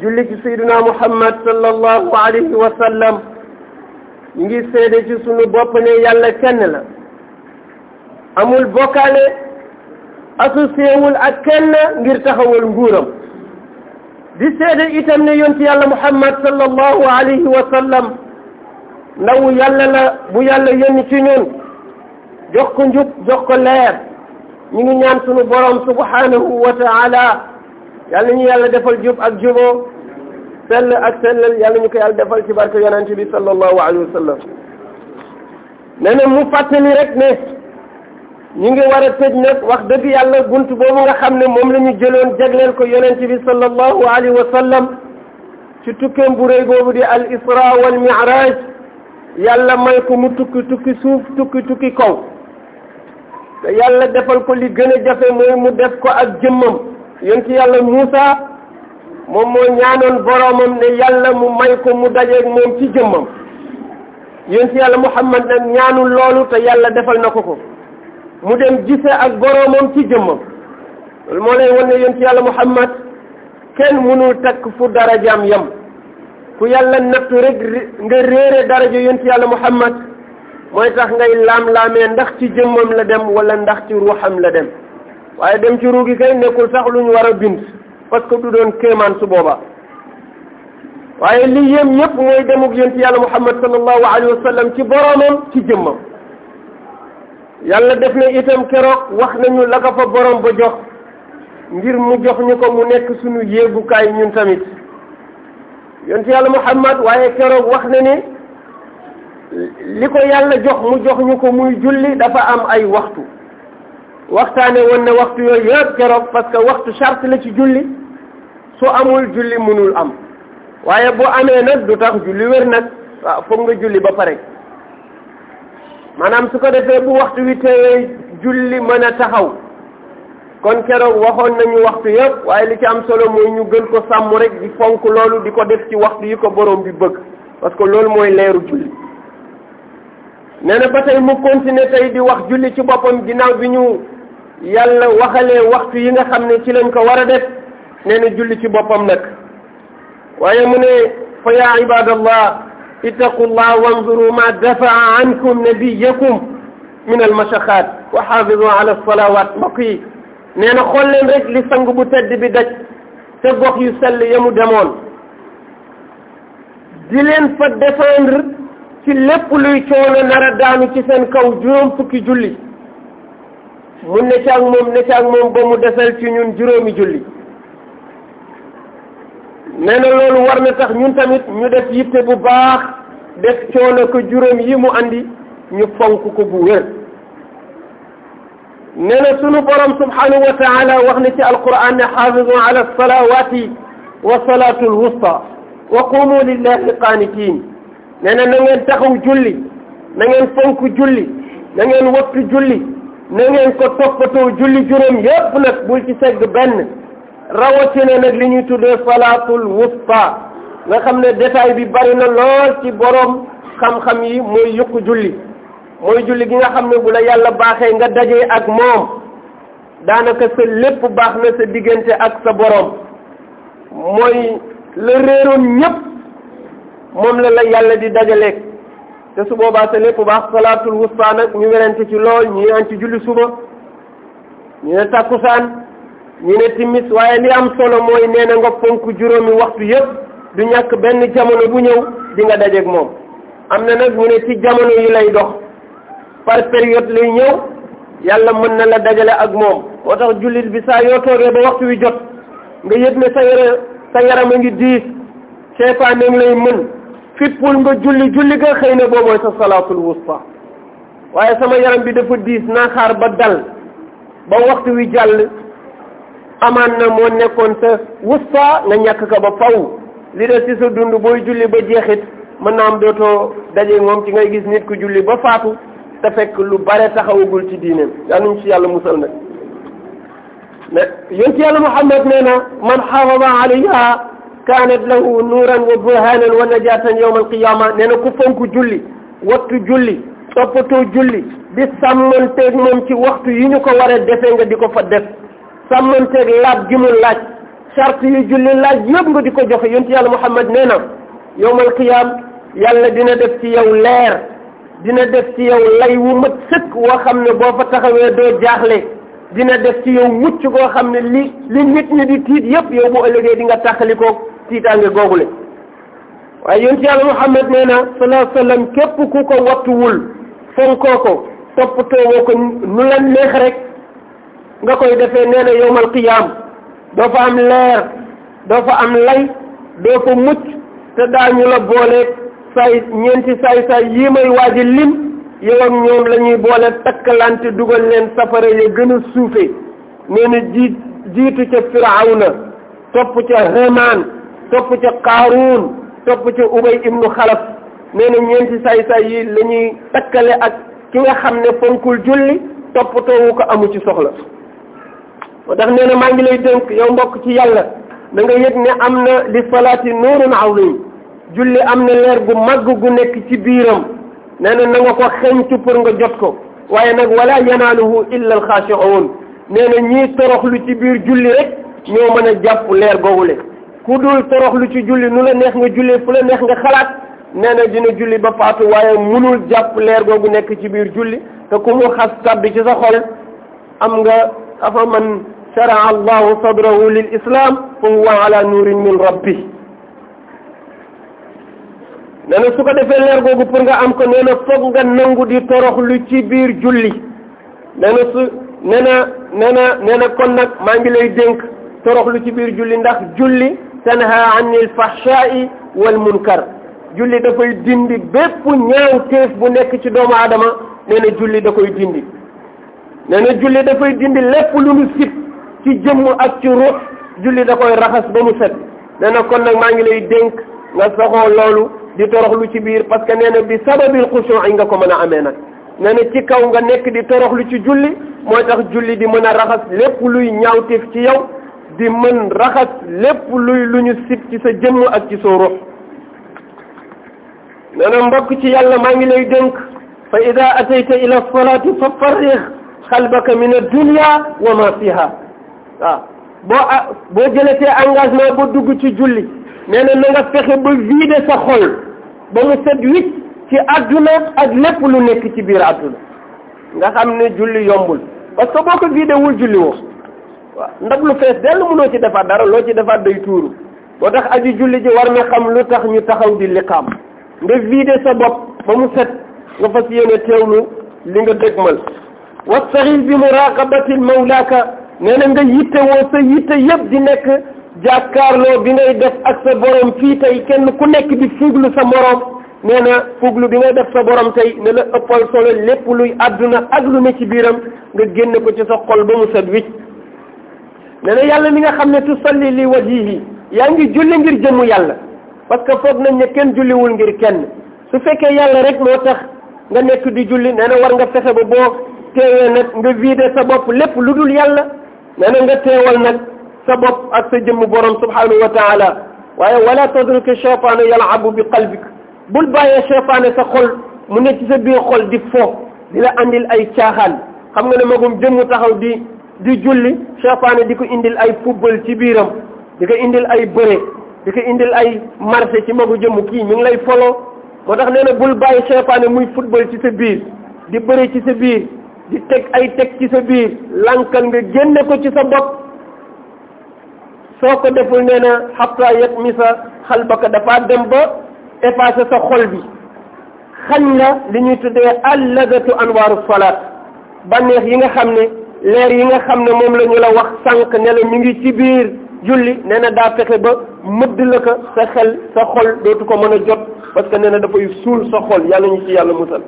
julli ci sayduna muhammad sallallahu alayhi wa sallam ñu ngi seede ci sunu bopp ne yàlla kenn la amul bokkaale associé wul ak kenn ngir taxawal nguuram di seede itam ne yonti yàlla muhammad sallallahu alayhi wa sallam ndawu yàlla la bu yàlla yónni ci ñun jox njub jox leer ñu ngi ñaan sunu borom subhanahu wa ta'ala yàlla ñu yàlla defal jub ak juboo sell ak sellal yàlla ñu ko yàlla defal ci barke yonente bi sallallahu alayhi wa sallam nee na mu fàttali rek ne ñu ngi war a tëj nag wax dëgg yàlla bunt boobu nga xam ne moom la ñu jëloon jagleel ko yonente bi sallallahu alayhi wa sallam ci tukkeem bu rëy boobu di al isra wal mi'raj yàlla may ko mu tukki tukki suuf tukki tukki kaw te yàlla defal ko li gën a jafe mooy mu def ko ak jëmmam yonent yàlla Muusa moom moo ñaanoon boroomam ne yàlla mu may ko mu dajeeg moom ci jëmmam yonent yàlla Muhammad nag ñaanul loolu te yàlla defal na ko ko mu dem gise ak boroomam ci jëmmam moo lay wan ne yonent yàlla Muhammad kenn mënul takk fu darajaam yam ku yàlla nattu rek nga réere daraja yonent yàlla Muhammad mooy tax ngay laam laame ndax ci jëmmam la dem wala ndax ci ruuxam la dem waaye dem ci ruugi kay nekkul sax lu ñu war a bind parce que du doon kéemaan su boobaa waaye li yéem yépp mooy demuk yéen yàlla muhammad sallallahu alayhi wa ci boromam ci jëmmam yàlla def na itam keroog wax nañu la ko fa borom ba jox ngir mu jox ñu ko mu nekk suñu yéegukaay ñun tamit yéen ci yàlla muhammad waaye keroog wax na ni li ko yàlla jox mu jox ñu ko muy julli dafa am ay waxtu waxtaane woon ne waxtu yooyu yëpp keroog parce que waxtu charte la ci julli su amul julli mënul am waaye bu amee nag du tax julli wér nag waaw foog nga julli ba pare maanaam su ko defee bu waxtu wi teewee julli mën a taxaw kon keroog waxoon nañu waxtu yëpp waaye li ci am solo mooy ñu gën ko sàmm rek di fonk loolu di ko def ci waxtu yi ko boroom bi bëgg parce que loolu mooy leeru julli nee na ba tey mu continuer tey di wax julli ci boppam ginnaaw bi ñu yàlla waxalee waxtu yi nga xam ne ci lañ ko war a def nee na ci boppam nag waaye mu ne fa yaa ibadallah ittaqullah wanzuru ma dafaa ankum nabiyakum min almashaqaat wa xaafidu ala alsalawat mbokk yi nee na xool leen rek li sang bu tedd bi daj te gox yu sell ya mu demoon di leen fa défendre ci lépp luy coono nar a ci seen kaw juróom fukki julli mu ne caag moom ne caag moom ba mu desal ci ñun juróomi julli nee loolu war na tax ñun tamit ñu def yitte bu baax def coono ko juróom yi mu indi ñu fonk ko bu wér nee sunu borom subhanahu wa wax na ci alquran ne xaafizu ala salawaati wa salaatu alwusta wa qumu lillahi qaanitiin nee na ngeen taxaw julli na ngeen julli na ngeen julli na ngeen ko toppatoo julli juróom yépp nag bul ci segg benn rawatina nag li ñuy tuddee salaatul wusta nga xam ne détail bi bari na lool ci boroom xam-xam yi mooy yukk julli mooy julli gi nga xam ne bu la yàlla baaxee nga dajee ak moom daanaka sa lépp baax na sa diggante ak sa boroom mooy la réeroon ñépp moom la la yàlla di dajalee te su boobaa te lépp baax salaatul wusta nag ñu werante ci lool yaa naan ci julli suba ñu ne takkusaan ñu ne timis waaye li am solo mooy nee na nga fonk juróomi waxtu yépp du ñàkk benn jamono bu ñëw di nga dajeeg moom am na nag ñu ne ci jamono yi lay dox par période lay ñëw yàlla mën na la dajale ak moom moo tax jullit bi saa yoo ba waxtu wi jot nga yëg ne sa yaram sa yaram a ngi diis seetaan ngi lay mën fippul nga julli julli nga xëy na boo mooy sa salaatul wusta waaye sama yaram bi dafa diis naa xaar ba dal ba waxtu wi jàll amaan na moo nekkoon sa wusta nga ñàkk ko ba faw li des ci sa dund booy julli ba jeexit mën na am dootoo daje moom ci ngay gis nit ku julli ba faatu te fekk lu bare taxawagul ci diineem nu nañu ci yàlla musal nag mais yonent yàlla Muhammad nee na man xafada alayha kaanat lahu nuuran wa burhaanan wa najaatan yawma alqiyaama nee na ku fonk julli wattu julli toppatoo julli di sàmmanteeg moom ci waxtu yi ñu ko war a defee nga di ko fa def sàmmanteeg laaj gi mu laaj charte yu julli laaj yëpp nga di ko joxe yonti yàlla Muhammad nee na yawmal qiyaam yàlla dina def ci yow leer dina def ci yow lay wu mat sëkk woo xam ne boo fa taxawee doo jaaxle dina def ci yow mucc goo xam ne li li nit ñi di tiit yépp yow bu ëllëgee di nga tàqalikoo tiitaange googule waaye yonent yàlla Muhammad nee na salaa képp ku ko wattuwul fonkoo ko toppatoo woo ko nu la neex rek nga koy defee nee na yowmal doo fa am leer doo fa am lay doo fa mucc te daañu la booleeg saay ñeenti saay saay yii may waaji lim yow ak ñoom la ñuy boole takkalante dugal leen safara ya gën a suufe nee jiit jiitu ca firawna topp ca hamaan topp ca qaaruun topp ca ubay ibnu xalaf nee na ñeenti saay-saay yi la takkale ak ki nga xam ne fonkul julli toppatoowu ko amu ci soxla moo tax nee na maa ngi lay dénk yow mbokk ci yàlla da nga yëg ne am na li salaati nuurun yi julli am na leer gu màgg gu nekk ci biiram nee na na nga ko xencu nga jot ko waaye nag wala yanaaluhu illa alxaashi'uun nee na ñii toroxlu ci biir julli rek ñoo mën a jàpp leer googule ku dul toroxlu ci julli nu la neex nga julli fu la neex nga xalaat nee na dina julli ba faatu waaye munul jàpp leer googu nekk ci biir julli te ku mu xas tàbbi ci sa xol am nga afa man shara'a allahu sadrahu lil islam fa huwa ala nuurin min rabbi nee na su ko defee leer googu pour nga am ko nee na foog nga nangu di toroxlu ci biir julli nee su nee na nee kon nag maa ngi lay dénk toroxlu ci biir julli ndax julli tanha anil fahshai wal munkar julli dafay dindi bépp ñaaw téef bu nekk ci doomu aadama nee julli da koy dindi nee na julli dafay dindi lépp lu nu sib ci jëmm ak ci ruux julli da koy raxas ba mu set nee kon nag maa ngi lay dénk nga soxoo loolu di toroxlu ci biir parce que nee na bi sababil xusuu'i nga ko mën a amee nag nee na ci kaw nga nekk di toroxlu ci julli moo tax julli di mën a raxas lépp luy ñaawteef ci yow di mën raxas lépp luy lu ñu sib ci sa jëmm ak ci sa ruux nee na mbokk ci yàlla maa ngi lay dénk fa ida atayta ila salaati fa farrix xalbaka min addunia wa ma fiha waaw boo a boo jëlatee engagement ba dugg ci julli nee na na nga fexe ba vider sa xol ba mu set wicc ci àdduna ak lépp lu nekk ci biir àdduna nga xam ne julli yombul parce que boo ko vider wul julli woo waaw ndab lu fees dell mënoo ci defaat dara loo ci defaat day tuuru boo tax aji julli ji war na xam lu tax ñu taxaw di liqaam nga vider sa bopp ba mu set nga fas yéene teewlu li nga dëgmal wastaxil bi muraqabati mawlaaka nee na nga yitte woo sa yitte yëpp di nekk jàkkaarloo bi ngay def ak sa borom fii tey kenn ku nekk di fuglu sa morom nee na fuglu bi ngay def sa borom tey ne la ëppal solo lépp luy àdduna ak lu ne ci biiram nga génn ko ci sa xol ba mu set wicc nee na yàlla mi nga xam ne tusalli li wajihi yaa ngi julli ngir jëmu yàlla parce que foog nañ ne kenn julliwul ngir kenn su fekkee yàlla rek moo tax nga nekk di julli nee na war nga fexe ba boo teewee nag nga vider sa bopp lépp lu dul yàlla nee na sa bopp ak sa jëmm borom subhanahu wa taala waaye wala tadruke cheytaane yalabu bi qalbik bul bàyyee cheytaane sa xol mu nekk ci sa biir xol di fo di la andil ay caaxaan xam nga ne magum jëmm taxaw di di julli cheytaane di ko indil ay football ci biiram di ko indil ay bëre di ko indil ay marché ci magu jëmm kii mi ngi lay folo moo tax nee na bul bàyyi cheytaane muy football ci sa biir di bëre ci sa biir di teg ay teg ci sa biir lankal nga génne ko ci sa bopp soo ko deful nee na xatta yet mi sa xalbaka dafa dem ba effacé sa xol bi xañ la li ñuy tuddee allazatu anwaaru salaat bànneex yi nga xam ne leer yi nga xam ne moom la ñu la wax sànq ne la ñu ngi ci biir julli nee na daa fexe ba mëdd la ko sa xel sa xol dootu ko mën a jot parce que nee na dafay suul sa xol yàlla ñu ci yàlla musal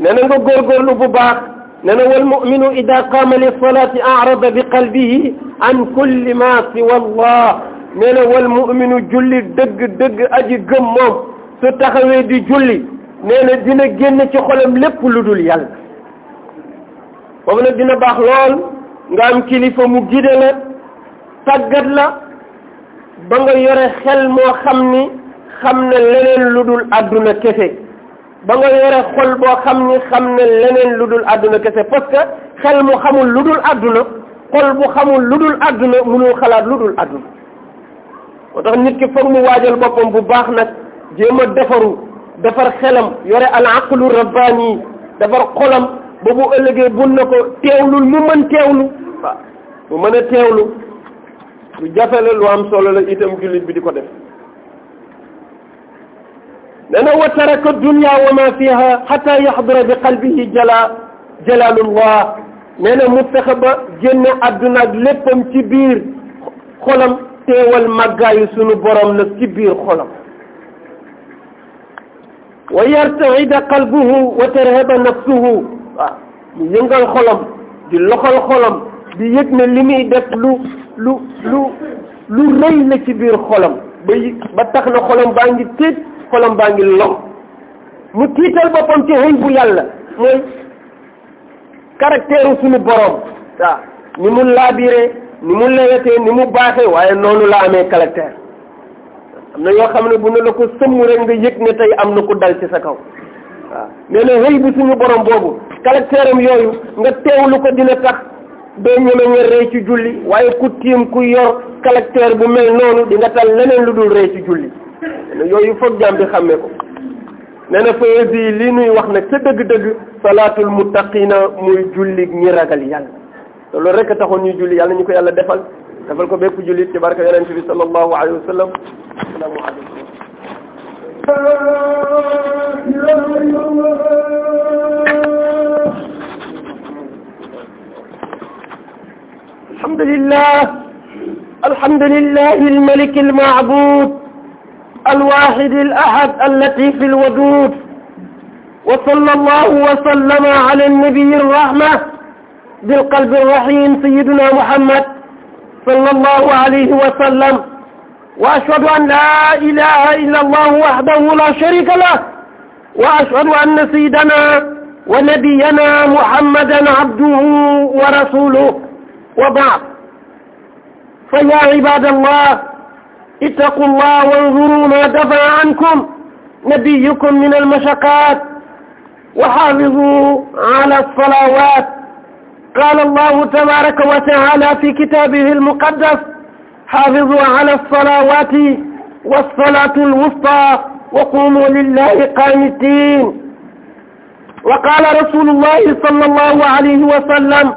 nee na nga góorgóorlu bu baax nee na wal muminu ida qaama lilsalaati arada bi qalbihi an kulli ma siwa allah nee na wal muminu julli dëgg dëgg aji gëm moom su taxawee di julli nee na dina génn ci xolam lépp lu dul yàlla foofu nag dina baax lool nga am kilifa mu gide la tàggat la ba nga yore xel moo xam ni xam na leneen lu dul àdduna kese ba nga yore xol boo xam ni xam ne leneen lu dul àdduna kese parce que xel mu xamul lu dul àdduna xol bu xamul lu dul àdduna mënul xalaat lu dul àdduna moo tax nit ki foog mu waajal boppam bu baax nag jéem a defaru defar xelam yore lu aqlu rabbaani defar xolam ba bu ëllëgee bun na ko teewlul mu mën teewlu waaw mën a teewlu lu jafe la lu am solo la itam jullit bi di ko def dana wa taraka dunya wa ma fiha xata yaxdura bi qalbihi jala jalaalullah nee na mu fexe ba génne àdduna ak léppam ci biir xolam teewal màggaayu sunu borom nag ci biir xolam wa yartaida qalbuhu wa tarhaba nafsuhu waaw mu di loxal xolam di yëg ne li muy def lu lu lu lu rëy la ci biir xolam ba ba tax na xolam baa ngi lom mu tiital boppam ci xëy bu yàlla mooy caractère suñu borom waaw ni mu laabiree ni mu lewetee ni mu baaxee waaye noonu la amee caractère am na yoo xam ne bu ne la ko sëmm rek nga yëg ne tey am na ku dal ci sa kaw waaw nee na xëy bu suñu borom boobu caractère yooyu nga lu ko dina tax doo ñeme nga rëy ci julli waaye ku tiim ku yor caractère bu mel noonu di nga tal leneen lu dul rëy ci julli yooyu foog jaam bi xàmmee ko nee na poésie li nuy wax nag ca dëgg-dëgg salaatul muttaqina muy julli ñi ragal yàlla te loolu rek a taxoon ñuy julli yàlla ñu ko yàlla defal defal ko bépp jullit ci barka yonente bi sallallahu alayhi wa sallam asalaamu aleykum الحمد لله الحمد لله الملك المعبود الواحد الأحد اللطيف الودود وصلى الله وسلم على النبي الرحمة بالقلب الرحيم سيدنا محمد صلى الله عليه وسلم وأشهد أن لا إله إلا الله وحده لا شريك له وأشهد أن سيدنا ونبينا محمدا عبده ورسوله وبعد فيا عباد الله اتقوا الله وانظروا ما دفع عنكم نبيكم من المشقات وحافظوا على الصلوات قال الله تبارك وتعالى في كتابه المقدس حافظوا على الصلوات والصلاة الوسطى وقوموا لله قانتين وقال رسول الله صلى الله عليه وسلم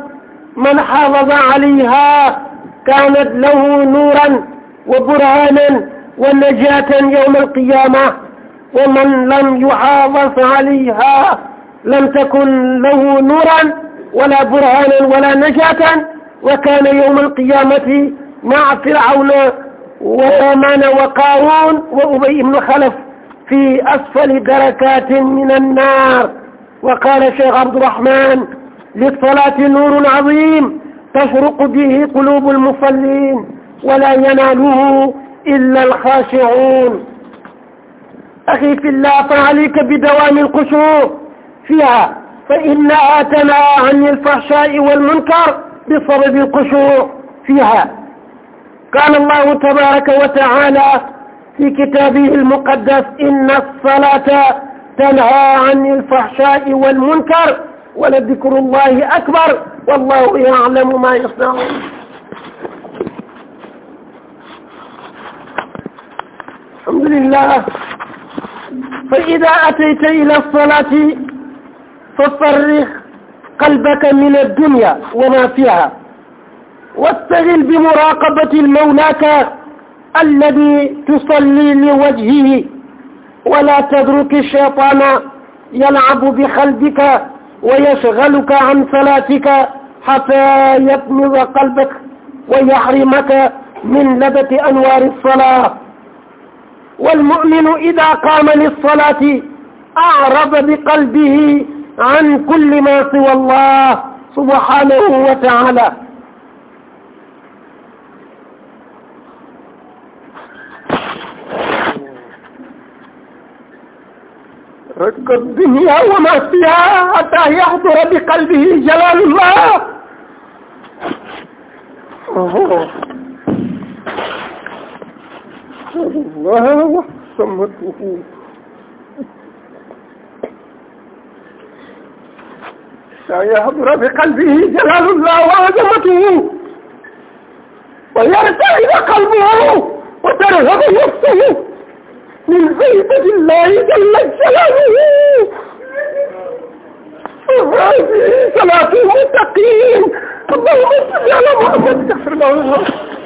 من حافظ عليها كانت له نورا وبرهانا ونجاة يوم القيامة ومن لم يعاطف عليها لم تكن له نورا ولا برهانا ولا نجاة وكان يوم القيامة مع فرعون وهامان وقارون وأبي بن خلف في أسفل دركات من النار وقال الشيخ عبد الرحمن للصلاة نور عظيم تشرق به قلوب المصلين ولا يناله إلا الخاشعون أخي في الله فعليك بدوام الخشوع فيها فإنها تنهى عن الفحشاء والمنكر بسبب الخشوع فيها قال الله تبارك وتعالى في كتابه المقدس إن الصلاة تنهى عن الفحشاء والمنكر ولذكر الله أكبر والله يعلم ما يصنعون بحول الله فإذا أتيت إلى الصلاة ففرغ قلبك من الدنيا وما فيها واستغل بمراقبة المولاك الذي تصلي لوجهه ولا تترك الشيطان يلعب بقلبك ويشغلك عن صلاتك حتى يطمئن قلبك ويحرمك من لذة أنوار الصلاة والمؤمن إذا قام للصلاة أعرض بقلبه عن كل ما سوى الله سبحانه وتعالى رق الدنيا وما فيها حتى يحضر بقلبه جلال الله الله وصمته سيحضر بقلبه جلال الله وعظمته ويرتعد قلبه وترهب نفسه من غيبة الله جل جلاله وهذه صلاة المتقين اللهم صل على محمد كفر الله